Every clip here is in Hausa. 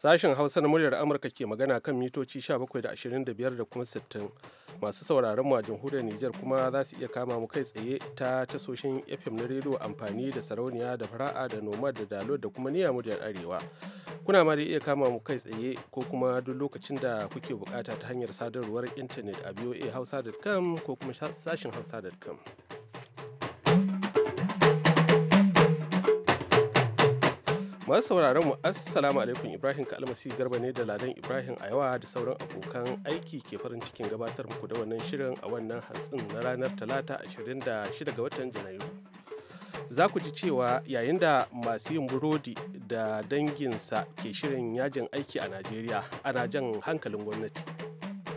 Sashen Hausa na muryar Amurka ke magana kan mitoci 17 da 25 da kuma 60. Masu sauraron mu a jamhuriyar Nijar kuma za su iya kama mu kai tsaye ta tasoshin FM na rediyo amfani da sarauniya da fara'a da noma da dalo da kuma niya muryar Arewa. Kuna ma da iya kama mu kai tsaye ko kuma duk lokacin da kuke bukata ta hanyar sadarwar intanet a voahausa.com ko kuma sashen hausa.com. Masu sauraron mu Assalamu alaikum Ibrahim Kalmasi Garba ne da Ladan Ibrahim a yawa da sauran abokan aiki ke farin cikin gabatar muku da wannan shirin a wannan hantsin na ranar Talata 26 ga watan Janairu. Za ku ji cewa yayin da masu yin burodi da danginsa ke shirin yajin aiki a Najeriya ana jan hankalin gwamnati.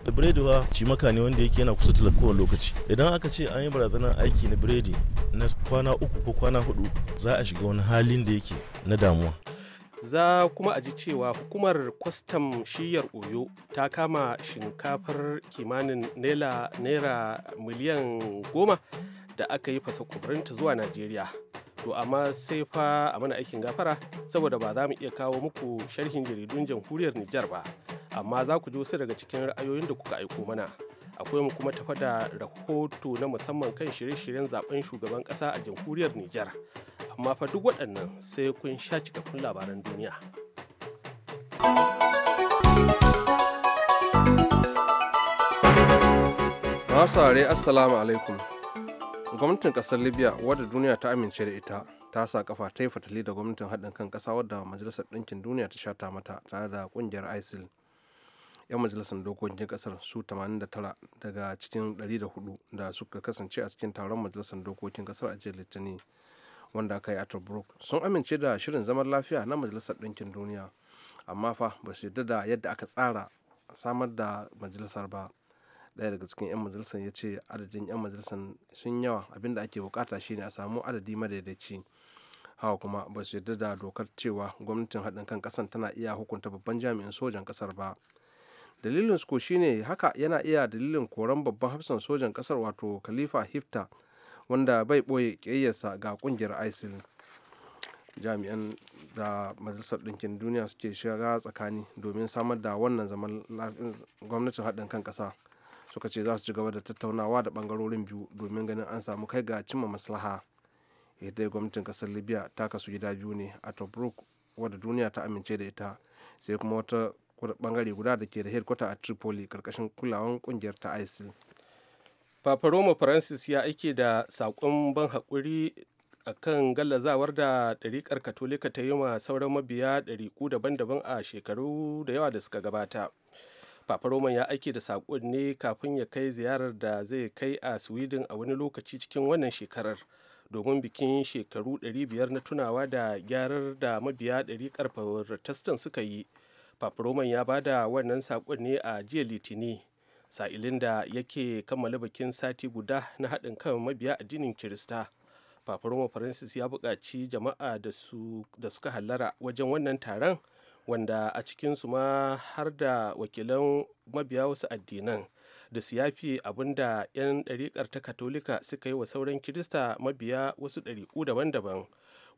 biredi fa cimaka ne wanda yake yana kusa talaka kowane lokaci idan aka ce an yi barazanar aiki na biredi na kwana uku ko kwana hudu za a shiga wani halin da yake na damuwa za kuma a ji cewa hukumar kwastam shiyar oyo ta kama shinkafar kimanin naira miliyan goma da aka yi fasa kuburinta zuwa najeriya to amma sai fa a mana aikin gafara saboda ba za mu iya kawo muku sharhin jaridun jamhuriyar nijar ba amma za ku ji wasu daga cikin ra'ayoyin da kuka aiko mana akwai mu kuma tafa da rahoto na musamman kan shirye-shiryen zaben shugaban ƙasa a jamhuriyar Nijar amma fa duk waɗannan sai kun sha cikakkun labaran duniya. Masare Assalamu alaikum. Gwamnatin ƙasar Libya wadda duniya ta amince da ita ta sa kafa ta yi fatali da gwamnatin haɗin kan ƙasa wadda Majalisar Ɗinkin Duniya ta shata mata tare da ƙungiyar ISIL. 'yan majalisar dokokin kasar su 89 daga cikin 104 da suka kasance a cikin taron majalisar dokokin kasar a jiya litinin wanda aka yi a tobruk sun amince da shirin zaman lafiya na majalisar ɗinkin duniya amma fa ba su yarda da yadda aka tsara samar da majalisar ba ɗaya daga cikin 'yan majalisar ya ce adadin 'yan majalisar sun yawa abinda ake bukata shine a samu adadi madaidaici hawa kuma ba su yarda da dokar cewa gwamnatin haɗin kan kasar tana iya hukunta babban jami'in sojan ƙasar ba dalilin su shine haka yana iya dalilin koran babban hafsan sojan kasar wato khalifa hifta wanda bai boye kiyayyarsa ga ƙungiyar isil jami'an da majalisar ɗinkin duniya suke shiga tsakani domin samar da wannan zaman gwamnatin haɗin kan ƙasa suka ce za su ci gaba da tattaunawa da ɓangarorin biyu domin ganin an samu kai ga cimma maslaha yadda gwamnatin ƙasar libya ta kasu gida biyu ne a tobruk wadda duniya ta amince da ita sai kuma wata bangare guda da ke da headquarter a tripoli karkashin kulawan kungiyar ta isil papa roma francis ya aike da saƙon ban haƙuri a kan gallazawar da ɗariƙar katolika ta yi wa sauran mabiya ɗariƙu daban-daban a shekaru da yawa da suka gabata papa roma ya aike da saƙon ne kafin ya kai ziyarar da zai kai a sweden a wani lokaci cikin wannan shekarar domin bikin shekaru 500 na tunawa da gyarar da mabiya ɗariƙar protestant suka yi paproman ya ba da wannan saƙon ne a jiya litini sa'ilin da yake kammala bikin sati guda na haɗin kan mabiya addinin kirista paproma francis ya buƙaci jama'a da suka hallara wajen wannan taron wanda a cikinsu ma har da wakilan mabiya wasu addinan da su yafi da 'yan ɗariƙar ta katolika suka yi wa sauran kirista mabiya wasu ɗariƙu daban-daban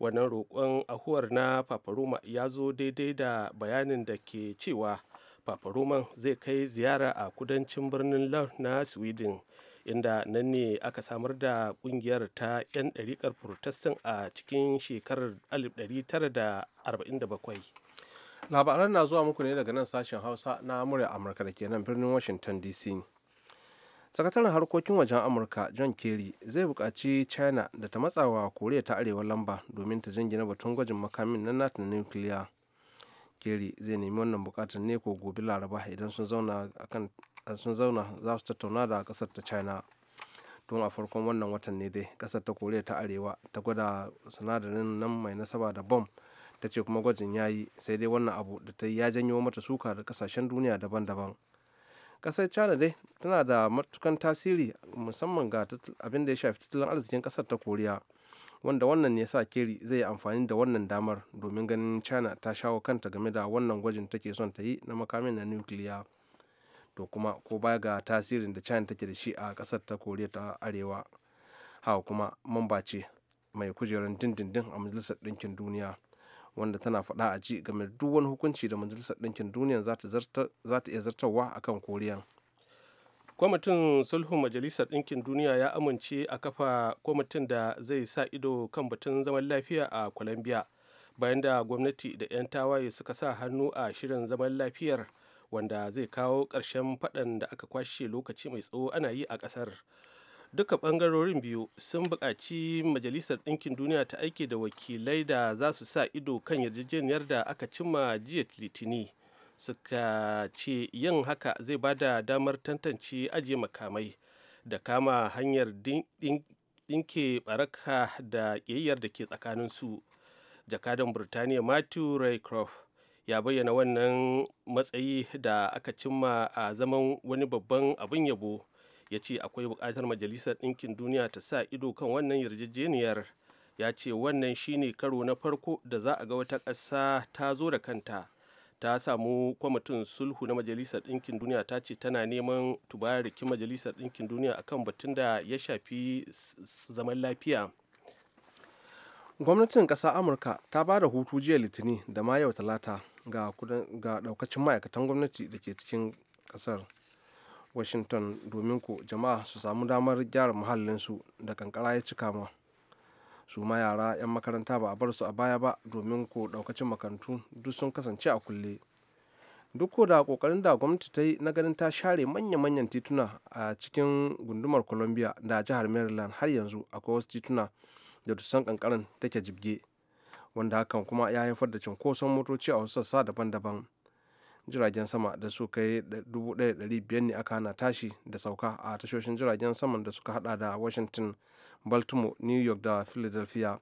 wannan roƙon ahuwar na paparoma ya zo daidai da bayanin da ke cewa paparoman zai kai ziyara a kudancin birnin lar na sweden inda nan ne aka samar da kungiyar ta 'yan ɗariƙar protestant a cikin shekarar 1947 labaran na zuwa muku ne daga nan sashen hausa na murya amurka da ke nan birnin washington dc sakataren harkokin wajen amurka john kerry zai bukaci china da ta matsawa koriya ta arewa lamba domin ta jingina batun gwajin makamin na nata na nukiliya kerry zai nemi wannan buƙatar ne ko gobe laraba idan sun zauna sun za su tattauna da ƙasar ta china tun a farkon wannan watan ne dai kasar ta koriya ta arewa ta gwada sinadarin nan mai nasaba da bom ta ce kuma gwajin ya yi sai dai wannan abu da ta yi ya janyo mata suka da kasashen duniya daban-daban kasar china dai tana da matukan tasiri musamman ga abin da ya shafi tattalin arzikin kasar ta koriya wanda wannan ne sa keri zai yi amfani da wannan damar domin ganin china ta shawo kanta game da wannan gwajin take son ta yi na makamin na nukiliya to kuma ko baya ga tasirin da china take da shi a kasar ta koriya ta arewa hawa kuma mamba ce mai kujerar dindindin a majalisar ɗinkin duniya wanda tana faɗa a ji game da duk wani hukunci da majalisar ɗinkin duniya za ta iya zartarwa akan koriya kwamitin sulhun majalisar ɗinkin duniya ya amince a kafa kwamitin da zai sa ido kan batun zaman lafiya a colombia bayan da gwamnati da 'yan tawaye suka sa hannu a shirin zaman lafiyar wanda zai kawo ƙarshen faɗan da aka kwashe lokaci mai tsawo ana yi a ƙasar duka bangarorin biyu sun buƙaci majalisar ɗinkin duniya ta aike da wakilai da za su sa ido kan yarjejeniyar da aka cimma jiya litini suka ce yin haka zai ba da damar tantance ajiye makamai da kama hanyar ɗinke baraka da ƙiyayyar da ke tsakaninsu jakadan burtaniya matthew raycroft ya bayyana wannan matsayi da aka cimma a zaman wani babban abin yabo ya ce akwai bukatar majalisar ɗinkin duniya ta sa ido kan wannan yarjejeniyar ya ce wannan shine karo na farko da za a ga wata ƙasa ta zo da kanta ta samu kwamitin sulhu na majalisar ɗinkin duniya ta ce tana neman tubarikin majalisar ɗinkin duniya akan batun da ya shafi zaman lafiya gwamnatin ƙasa amurka ta ba da hutu jiya litinin da ma yau talata ga ɗaukacin ma'aikatan gwamnati da ke cikin ƙasar washington domin ku jama'a su samu damar gyara muhallinsu da kankara ya cika ma su ma yara 'yan makaranta ba a bar su a baya ba domin ku ɗaukacin makarantu duk sun kasance a kulle duk ko da kokarin da gwamnati ta yi na ganin ta share manya-manyan tituna a cikin gundumar columbia da jihar maryland har yanzu akwai wasu tituna da dusan kankaran take jibge wanda hakan kuma ya haifar da cinkoson motoci a wasu sassa daban-daban jiragen sama da su kai 1,500 ne aka hana tashi da sauka a tashoshin jiragen saman da suka hada da washington baltimore new york da philadelphia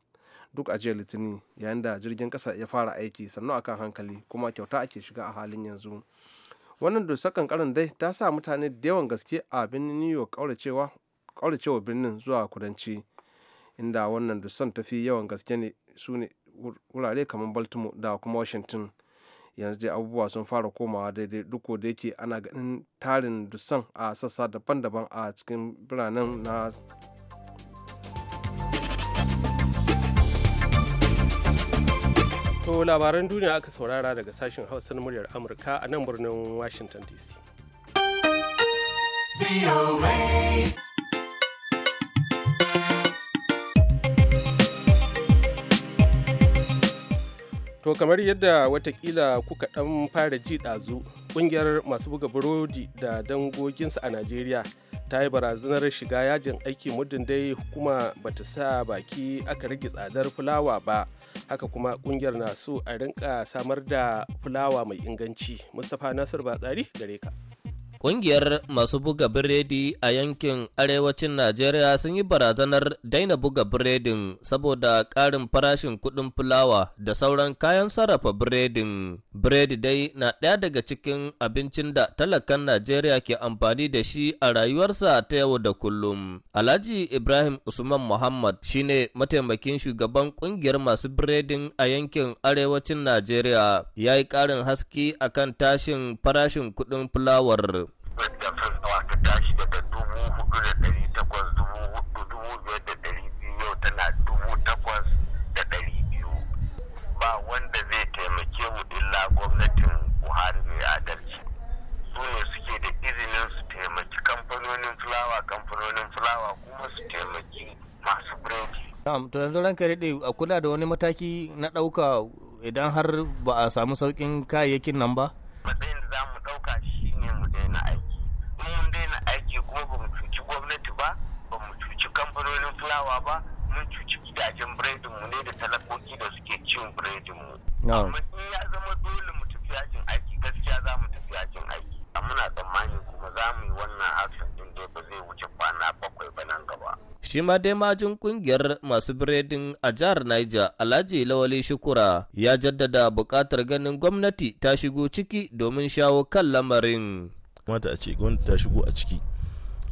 duk a jiya litinin yayin da jirgin kasa ya fara aiki sannu akan hankali kuma kyauta ake shiga a halin yanzu wannan dusakan karin dai ta sa mutane da yawan gaske a birnin new york kauracewa birnin zuwa kudanci inda wannan dusan tafi yawan gaske ne su ne wurare kamar baltimore da kuma washington yanzu dai abubuwa sun fara komawa daidai duk da yake ana ganin tarin dusan a sassa daban-daban a cikin biranen na To labaran duniya aka saurara daga sashen hausa na muryar Amurka a nan birnin Washington DC. To kamar yadda watakila kuka ɗan fara ji ɗazu ƙungiyar masu buga burodi da dangoginsu a Najeriya ta yi barazanar shiga yajin aiki muddin dai hukuma bata sa baki aka rage tsadar fulawa ba haka kuma ƙungiyar na so a rinka samar da fulawa mai inganci. Mustapha Nasir Batsari gare ka. Ƙungiyar masu buga biredi a yankin arewacin Najeriya sun yi barazanar daina buga biredin saboda ƙarin farashin kuɗin fulawa da sauran kayan sarrafa biredin. Biredi dai na ɗaya daga cikin abincin da talakan Najeriya ke amfani da shi a rayuwarsa ta yau da kullum. Alhaji Ibrahim Usman Muhammad shine mataimakin shugaban ƙungiyar masu biredin a yankin arewacin Najeriya ya yi ƙarin haske akan tashin farashin kudin fulawar. ta tashi daga da dari takwas tana ba wanda zai mu gwamnatin buhari izinin su taimaki kuma su taimaki to yanzu ranka daɗe a kula da wani mataki na ɗauka idan har ba a samu sauƙin kayayyakin nan ba? matsayin da za mu ɗauka shi ne mu daina aiki mun daina aiki kuma ba mu cuci gwamnati ba ba mu cuci kamfanonin fulawa ba mun cuci gidajen biredin mu ne da talakoki da suke cin biredin mu amma in ya zama dole mu tafi yakin aiki gaskiya za mu tafi yakin aiki muna tsammani kuma za mu yi wannan action din dai ba zai wuce kwana bakwai ba nan gaba shi ma dai majin kungiyar masu biredin a jihar Niger Alhaji lawale Shukura ya jaddada buƙatar ganin gwamnati ta shigo ciki domin shawo kan lamarin. kamata a ce gwamnati ta shigo a ciki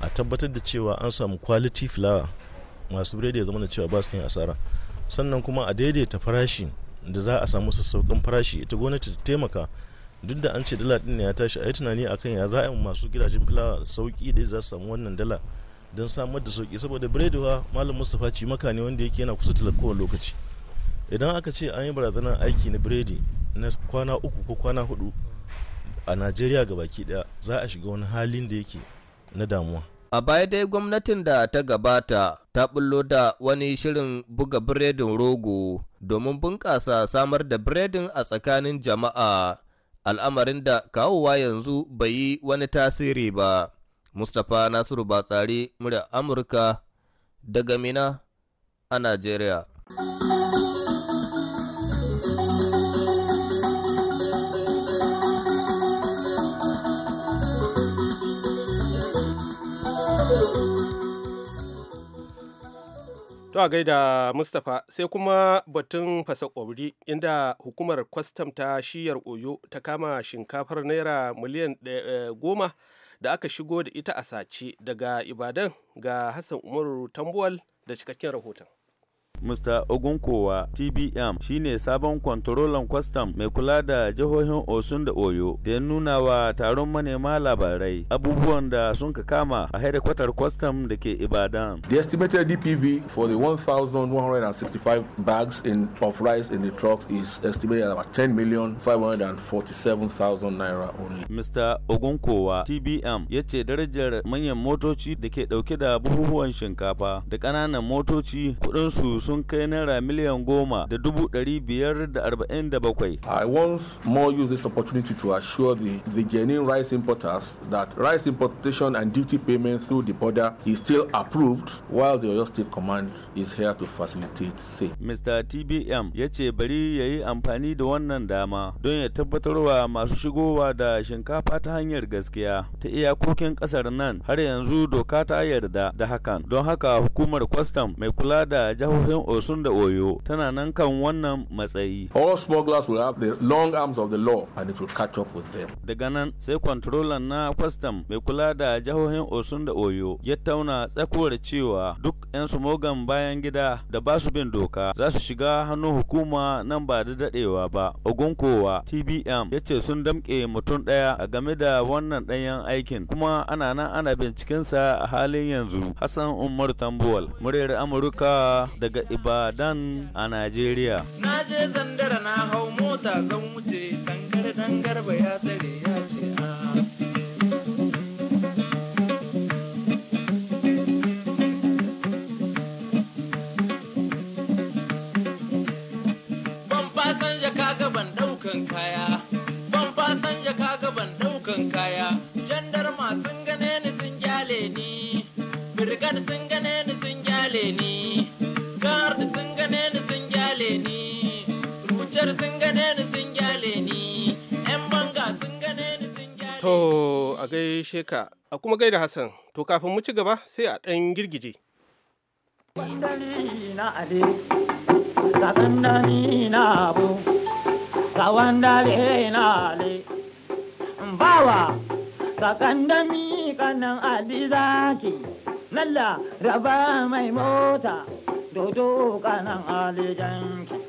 a tabbatar da cewa an samu quality flour masu biredi ya zama da cewa ba su yin asara sannan kuma a daidaita farashi da za a samu sassauƙin farashi ita gwamnati ta taimaka duk da an ce dala din ne ya tashi a yi tunani akan ya za a masu gidajen filawa sauki da za su samu wannan dala don samar da sauki saboda biredowa malam mustapha ci maka ne wanda yake yana kusa talakowar lokaci idan aka ce an yi barazanar aiki na biredi na kwana uku ko kwana hudu a najeriya ga baki daya za a shiga wani halin da yake na damuwa a baya dai gwamnatin da ta gabata ta bullo da wani shirin buga biredin rogo domin bunƙasa samar da biredin a tsakanin jama'a al'amarin da kawowa yanzu bai yi wani tasiri ba mustapha nasiru batsari murya amurka daga mina a najeriya To a gaida Mustapha sai kuma batun fasa ƙwabri inda hukumar kwastam ta shiyar Oyo ta kama shinkafar naira miliyan eh, goma da aka shigo da ita a sace daga Ibadan ga Hassan Umaru Tambuwal da cikakken rahoton. Mr. Ogunkowa TBM shine sabon kwantarolan kwastam mai kula da jihohin Osun da Oyo da ya nuna wa taron manema labarai abubuwan da sun ka kama a hedikwatar kwastam da ke Ibadan. The estimated DPV for the 1,165 bags in, of rice in the trucks is estimated at about 10 million 547,000 naira only. Mr. Ogunkowa TBM ya ce darajar manyan motoci da ke dauke da abubuwan shinkafa da ƙananan motoci su. sun kai naira miliyan goma da dubu ɗari biyar da arba'in da bakwai. I once more use this opportunity to assure the, the genuine rice importers that rice importation and duty payment through the border is still approved while the Oyo State Command is here to facilitate same. Mr. TBM ya ce bari ya yi amfani da wannan dama don ya tabbatarwa masu shigowa da shinkafa ta hanyar gaskiya ta iyakokin ƙasar nan har yanzu doka ta yarda da hakan don haka hukumar kwastam mai kula da jihohin cikin Osun da Oyo tana nan kan wannan matsayi. All smugglers will have the long arms of the law and it will catch up with them. Daga nan sai controller na kwastam mai kula da jihohin Osun da Oyo ya tauna tsakuwar cewa duk 'yan sumogan bayan gida da ba su bin doka za su shiga hannun hukuma nan ba da dadewa ba. Ogunkowa TBM ya ce sun damke mutum ɗaya a game da wannan ɗanyen aikin kuma ana nan ana bincikensa a halin yanzu. Hassan Umar Tambuwal, muryar Amurka daga Ibadan a Najeriya. Na je zandara na hau mota kan wuce dangar dangar ba ya tsare ya ce ah. Ban fasan jaka gaban daukan kaya, ban fasan jaka gaban daukan kaya, jandarma sun gane ni sun gyale ni, birgar sun gane ni sun gyale ni. To a gaishe ka, a kuma gaida Hassan, to kafin mu ci gaba sai a ɗan girgije. Wandali na ade, ga gandami na abu, ga wandale na ale, bawa, ga gandami kanan adi zaki, lalla raba mai mota, dodo kanan alijanki.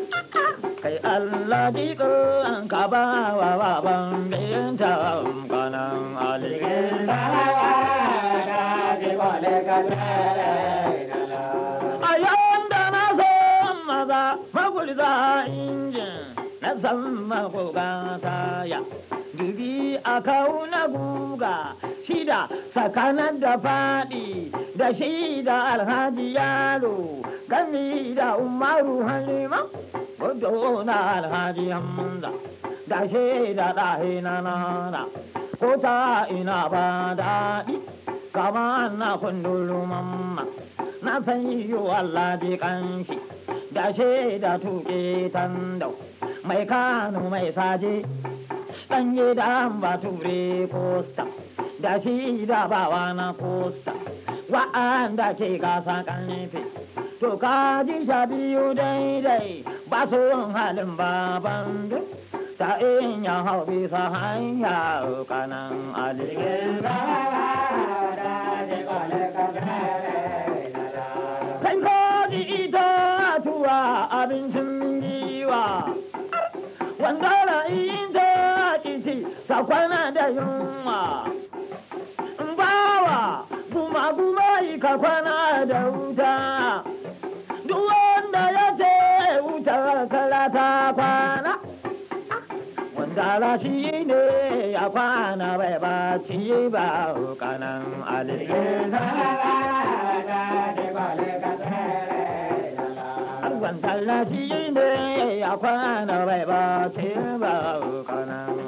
kai Allah bi an ka ba wa wa ban bin ta kanan alikin ba wa da ka kole a ayon da na so maza magulza injin na san ta ya Jirgi a kauna guga shida tsakanin da faɗi da shida alhaji yaro gami da umaru halima gudu na alhaji hamza da shida ɗahe na nana ko ta ina ba daɗi kama na kundulu mamma na san yi wa ji kanshi da shida tuke tando mai kano mai saje sanye da ba ture posta da shi da bawa na posta wa'anda ke gasa kanfe to kaji ji sha biyu daidai ba su halin baban duk ta in ya hau bisa hanya kanan aligin abincin giwa wanda ra'ayin sakwana da yunwa bawa guma guma yi kakwana da wuta duk wanda ya ce wuta kala ta kwana wanda shi ne ya kwana bai ba ci ba kanan alilin wanda shi ne ya kwana bai ba ci ba kanan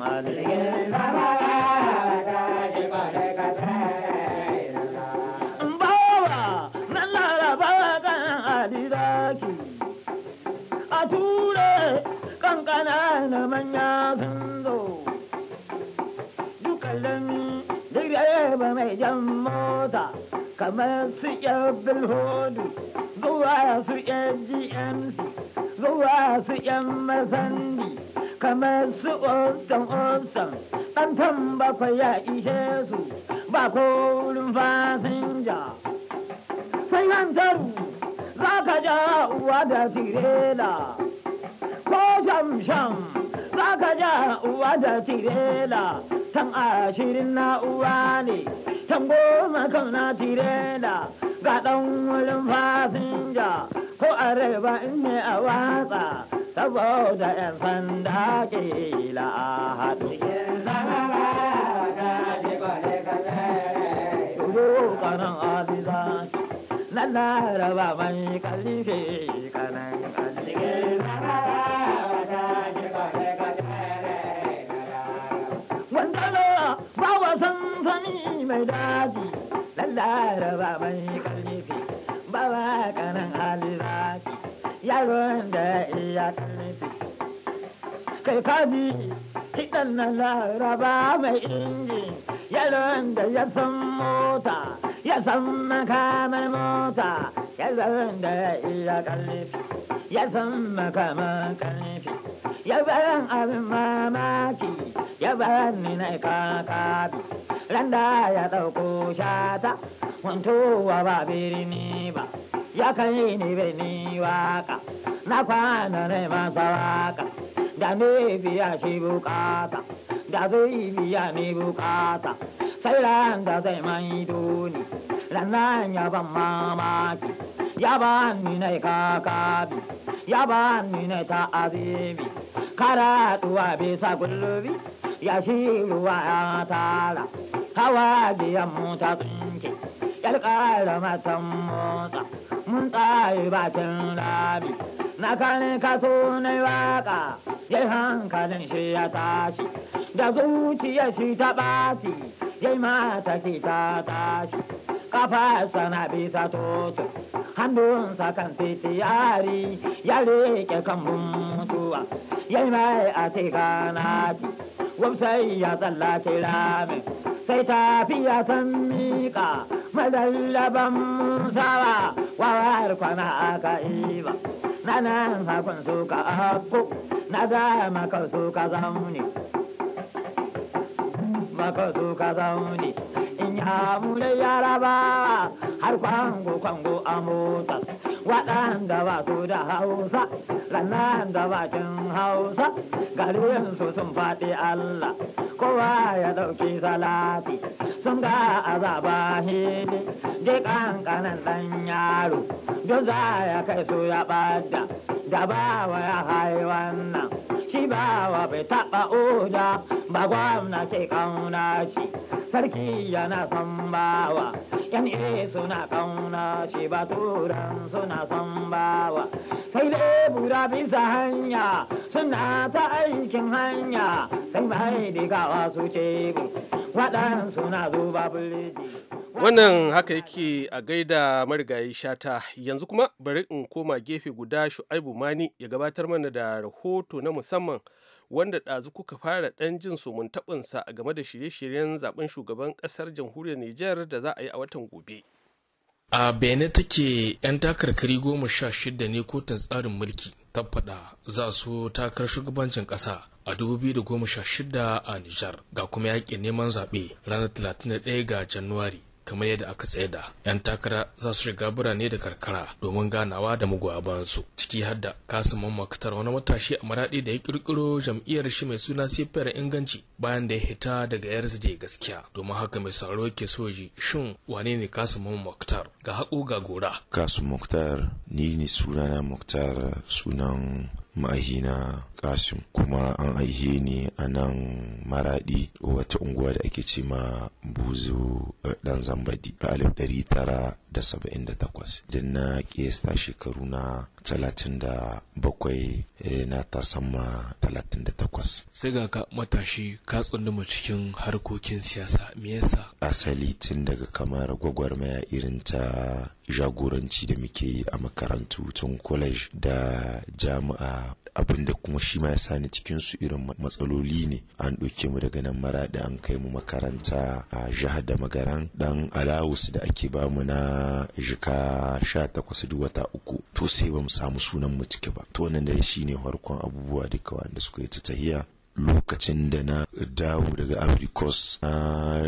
kamar su yan bilhodu zuwa su yan gmc zuwa su yan masandi kamar su ostan ostan kantan bakwai ya ishe su ba korin fasinja sai hantar za ka ja uwa da tirela ko sham-sham za ka ja uwa da tirela tan ashirin na uwa ne kan goma tire da ga dan wurin fasinja ko a in ne a watsa saboda 'yan sanda kila a haɗu. Na laraba mai kalife kanan mai daji lallara mai kalifi ba ba kanan hali yaron da iya kalifi kai kaji kiɗan na laraba mai inji yaron da ya san mota ya san makamar mota yaron da iya kalifi ya san makamar karnifi ya bayan abin mamaki ya bayan ni na kakabi Landa ya dauko shata wantowa ba birni ba ya ni yi ni birni waka na kwana ne masa waka da ne biya shi bukata da zai biya ni bukata sai ran da zai mai doni ya ban mamaki ya ba ni ne kakabi ya ba ni ne ta azimi kara duwa bisa ya shi ruwa ya tara hawa ya mota ta tsinke yar ƙara matan motsa mun tsaye bakin rami na kane kaso na waka ya hankalin shi ya tashi da zuciya shi ta ɓaci ya mata ke ta tashi kafarsa na bisa toto hannunsa kan sitiyari ya leke kan mutuwa ya mai a teganaki wamsai ya tsallake ramin sai tafiya san miƙa madallaban sawa wawar kwana aka iba na nan hakun suka hakku na dama kan suka zaune maka suka zaune in ya mune yarabawa har kwango kwango a motar waɗanda ba su da hausa ranar da bakin hausa garin su sun faɗi Allah kowa ya ɗauki salafi sun ga azaba hili je ƙanƙanin ɗan yaro duk za ya kai su ya ɓada da bawa ya haiwan nan shi bai taɓa oda ba gwamna ke kauna shi sarki yana son bawa yan ire na kauna shi ba turan suna son bawa sai dai bura bisa hanya na ta aikin hanya sai mai digawa su ce waɗansu na zuba bulleji Wannan haka yake a gaida marigayi shata yanzu kuma bari in koma gefe guda shu'aibu mani ya gabatar mana da rahoto na musamman wanda ɗazu kuka fara ɗan jin somin taɓinsa game da shirye-shiryen zaben shugaban ƙasar jamhuriyar Nijar da za a yi a watan gobe. a bene take 'yan takarkari goma sha shida ne kotun tsarin mulki tabbada za su takar shugabancin ƙasa a 2016 a Nijar ga kuma yakin neman zaɓe ranar 31 ga Januwari kamar yadda aka da yan takara za su shiga birane da karkara domin ganawa da su. ciki har da kasimin maktar wani matashi a maraɗi da ya kirkiro jam'iyyar shi mai suna sefiyar inganci bayan da ya hita daga yarsa gaskiya domin haka mai sauraro ke soji shin wane ne Kasim maktar ga haƙo ga gora Kasim maktar ni ne sunana maktar sunan ma'ahina kasim kuma an aihe ni a nan maradi wata unguwa da ake ce ma buzu dan eh, zambadi a alif ɗari tara da saba'in da takwas din na kiyasta shekaru na talatin da bakwai eh, na tasamma talatin da takwas sai ga ka matashi ka tsunduma cikin harkokin siyasa me yasa asali tun daga kamar gwagwarmaya irin ta jagoranci da muke yi a makarantu tun college da jami'a abin da kuma shi ma ya sani cikin su irin matsaloli ne an ɗauke mu daga nan da an kai mu makaranta a jihar da magaran dan alawus da ake bamu na na jika sha takwas duk wata uku to sai ba mu samu sunan mu ciki ba to nan shine shine farkon abubuwa duka wanda suka yi ta tahiya lokacin da na dawo daga africos na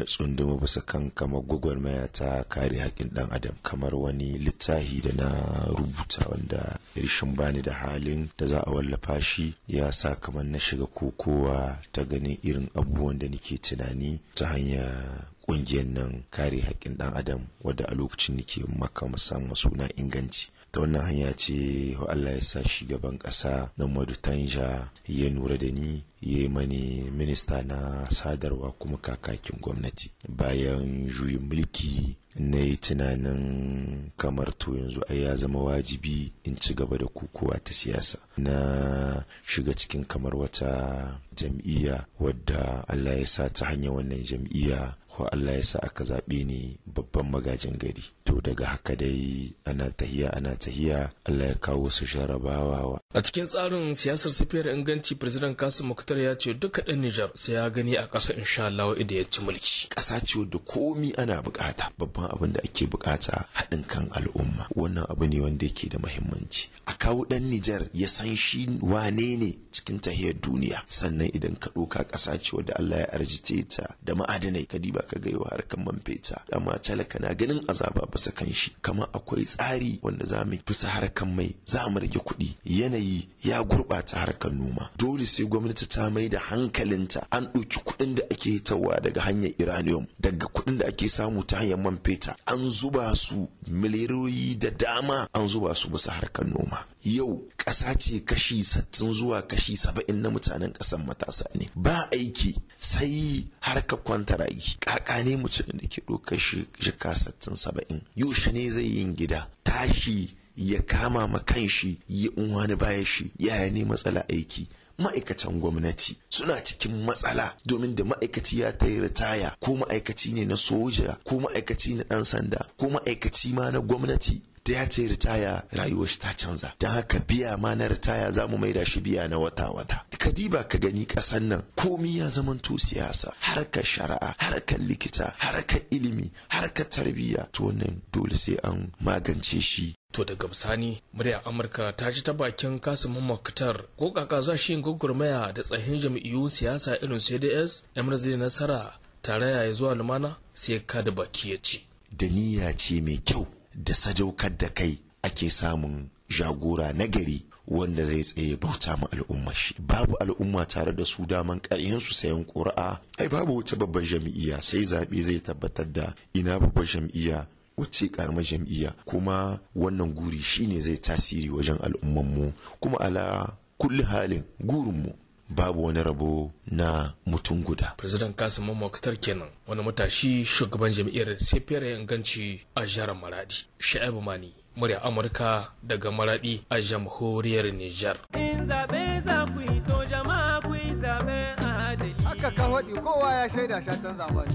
tsunduma bisa kan kamar gwagwarmaya ta kare haƙƙin ɗan adam kamar wani littafi da na rubuta wanda rishin bani da halin da za a wallafa shi ya sa kamar na shiga kokowa ta ganin irin abubuwan da nake tunani ta hanyar ƙungiyar nan kare haƙƙin ɗan adam wadda a lokacin da ke maka samu suna inganci ta wannan hanya ce wa Allah ya sa shugaban ƙasa na madu-tanja ya nura da ni ya yi mani minista na sadarwa kuma kakakin gwamnati bayan juyin mulki na yi tunanin kamar to yanzu ai ya zama wajibi in ci gaba da kokowa ta siyasa na shiga cikin kamar wata jam'iyya wadda Allah ya sa ta hanyar wannan jam'iyya ko Allah ya sa aka zaɓe ni babban magajin gari to daga haka dai ana tahiya ana tahiya Allah ya kawo su jarabawa a cikin tsarin siyasar safiyar inganci Firzidan kasu muktar ya ce duka ɗan nijar sai ya gani a ƙasa insha Allah da ya ci mulki ƙasa ce da komi ana bukata babban abin da ake bukata haɗin kan al'umma wannan abu ne wanda yake da muhimmanci a kawo ɗan nijar ya san shi wane ne cikin tahiyar duniya sannan idan ka ɗoka ƙasa ce wadda Allah ya arjite ta da ma'adinai ka diba ka gaiwa harkar man feta amma talaka na ganin azaba bisa kan shi kamar akwai tsari wanda za mu fusa harkar mai za mu rage kuɗi yanayi ya gurɓata harkar noma dole sai gwamnati ta mai da hankalinta an ɗauki kuɗin da ake tawa daga hanyar iranium daga kuɗin da ake samu ta hanyar man feta an zuba su miliyoyi da dama an zuba su bisa harkar noma yau ƙasa ce kashi sattin zuwa kashi saba'in na mutanen ƙasan matasa ne ba aiki sai har ka kwanta harka Ƙaƙa ne mutum da ke ɗaukar shika sittin saba'in yaushe ne zai yin gida tashi ya kama ma kanshi ya unwani baya shi yaya ne matsala aiki ma'aikatan gwamnati suna cikin matsala domin da ma'aikaci ya ta yi ritaya ko ma'aikaci ne na soja ko ma'aikaci na ɗan sanda ko ma'aikaci ma na gwamnati da ya ce ritaya rayuwar shi ta canza don haka biya ma na ritaya za mu maida shi biya na wata wata Ka kadiba ka gani ƙasan nan komi ya zamanto siyasa harkar shari'a harkar likita harkar ilimi harkar tarbiyya to wannan dole sai an magance shi To daga bisani muryar Amurka ta ji ta bakin kasimin Maktar ko kaka za shi gurgurmaya da tsahin jam'iyyun siyasa irin CDS Emirates Nasara tare ya zuwa lumana sai ka da baki ya ce. Da niyya ce mai kyau da sadaukar da kai ake samun jagora nagari wanda zai tsaye bauta ma al'umma shi babu al'umma tare da su daman ƙaryen su sayan ƙuri'a ai babu wata babban jam'iyya sai zaɓe zai tabbatar da ina babbar jam'iyya wacce karamar jam'iyya kuma wannan guri shine zai tasiri wajen mu kuma ala kulli halin gurin mu. babu wani rabo na mutum guda. President Kasim Mamakutar kenan wani matashi shugaban jam'iyyar Sefere Inganci a jihar Maradi. Sha'ibu Mani, murya Amurka daga Maradi a jamhuriyar Nijar. In zaɓe za ku to jama'a ku yi zaɓen adali. Haka ka kowa ya shaida shatan zaɓen.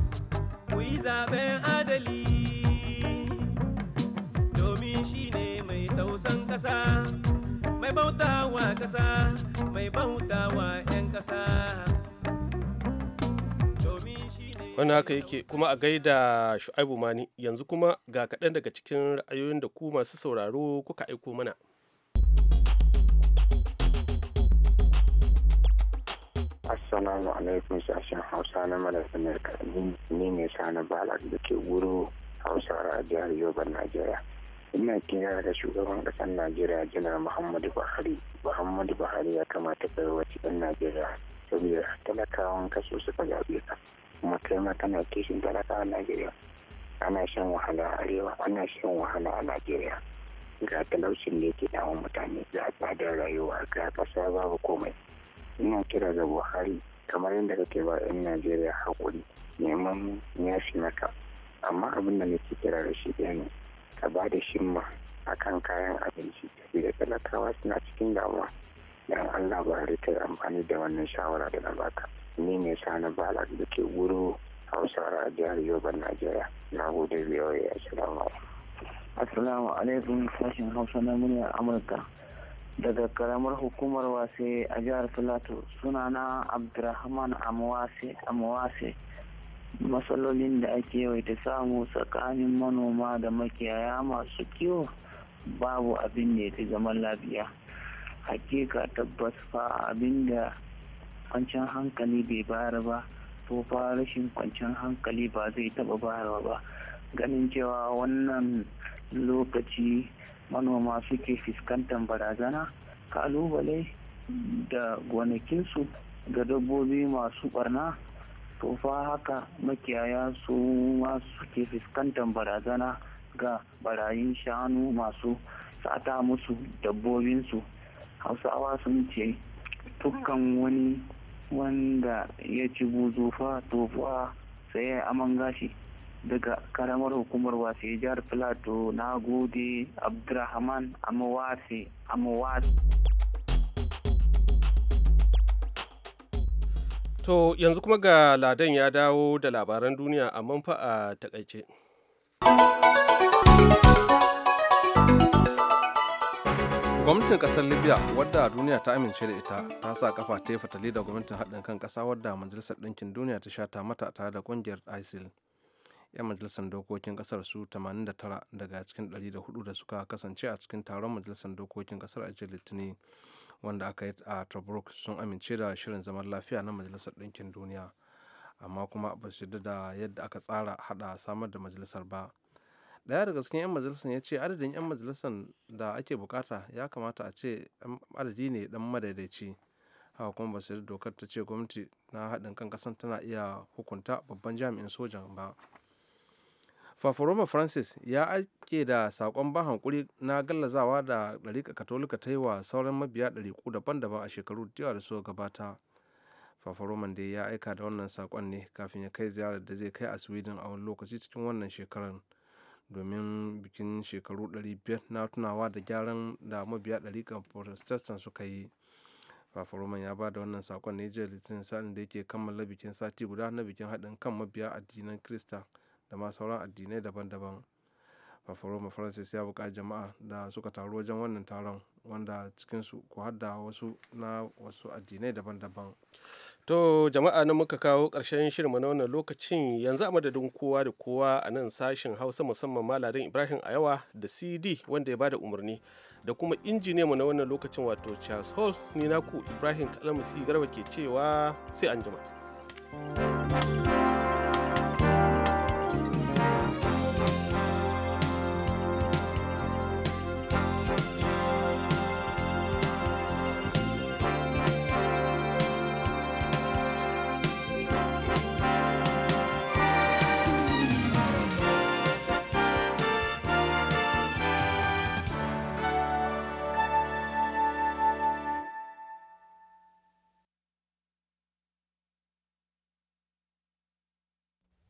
Ku yi adali domin shi ne mai tausan ƙasa. mai bautawa kasa mai bautawa 'yan kasa wani haka yake kuma a gaida shu'aibu mani yanzu kuma ga kaɗan daga cikin ra'ayoyin da ku masu sauraro kuka aiko mana Assalamu alaikum sashen Hausa na madafin ne ni ne Sani Balak da ke wuro Hausa a jihar Yoban Najeriya. ina kira da shugaban ƙasar najeriya janar muhammadu buhari muhammadu buhari ya kamata kai wasu yan najeriya saboda talakawan kaso suka zaɓe ka kuma kai ma kana kishin talakawan najeriya ana shan wahala a arewa ana shan wahala a najeriya ga talaucin da yake damun mutane ga tsadar rayuwa ga ƙasa babu komai ina kira ga buhari kamar yadda kake ba 'yan najeriya haƙuri neman yafi maka amma abin da nake kira da shi ɗaya ne a ba da shimma a kan kayan abinci da talakawa suna cikin damuwa dan allah ba ta amfani da wannan shawara da na baka ni ne sani bala da ke guru hausawa a jihar yoruba najeriya na gode biyoyi ya assalamu assalamu alaikum sashen hausa na muryar amurka daga karamar hukumar wase a jihar filato suna na abdurrahman amwase matsalolin da ake yawaita samu tsakanin manoma da makiyaya masu kiwo babu abin da ya fi zaman lafiya hakika tabbas fa abin da kwanciyar hankali bai bayar ba to fa rashin kwanciyar hankali ba zai taba bayar ba ganin cewa wannan lokaci manoma suke fuskantar barazana kalubale da gonakinsu ga dabbobi masu barna to fa haka makiyaya su masu suke fuskantar barazana ga barayin shanu masu sata musu dabbobinsu hausawa sun ce dukkan wani wanda ya ci buzufa tofa sai ya aman gashi daga karamar hukumar wasu jihar plateau na gode abdurrahman amawasi amawasi To yanzu kuma ga Ladan ya dawo da labaran duniya a manfa a takaice. Gwamnatin kasar Libya wadda duniya ta amince da ita ta sa kafa ta yi fatali da gwamnatin haɗin kan kasa wadda Majalisar Ɗinkin Duniya ta sha ta mata tare da ƙungiyar ISIL. 'Yan majalisar dokokin kasar su 89 daga cikin 104 da suka kasance a cikin taron majalisar dokokin ƙasar a jiya Litinin. wanda aka yi a tobruk sun amince da shirin zaman lafiya na majalisar ɗinkin duniya amma kuma ba su yarda da yadda aka tsara hada samar da majalisar ba daya daga cikin 'yan majalisar ya ce adadin 'yan majalisar da ake bukata ya kamata a ce adadi ne dan madaidaici haka kuma ba su yarda dokar ta ce gwamnati na haɗin kan kasan tana iya hukunta babban jami'in sojan ba fafaroma francis ya ake da sakon ban hankuri na gallazawa da ɗariƙa katolika ta yi wa sauran mabiya ɗariku daban-daban a shekaru da da suka gabata fafaroman dai ya aika da wannan sakon ne kafin ya kai ziyarar da zai kai a sweden a wani lokaci cikin wannan shekarar domin bikin shekaru 500 na tunawa da gyaran da mabiya ɗariƙan protestant suka yi fafaroman ya ba da wannan sakon ne jiya litinin sa'in da yake kammala bikin sati guda na bikin haɗin kan mabiya addinan kirista. da ma sauran addinai daban-daban Paparoma Francis ya buƙaci jama'a da suka taru wajen wannan taron wanda cikinsu ko hadda da wasu na wasu addinai daban-daban. To jama'a nan muka kawo karshen shirin na wannan lokacin yanzu a madadin kowa da kowa a nan sashen Hausa musamman Malarin Ibrahim Ayawa da CD wanda ya bada umarni da kuma injiniya mu na wannan lokacin wato Charles Hall ni naku Ibrahim Kalamusi Garba ke cewa sai anjima. thank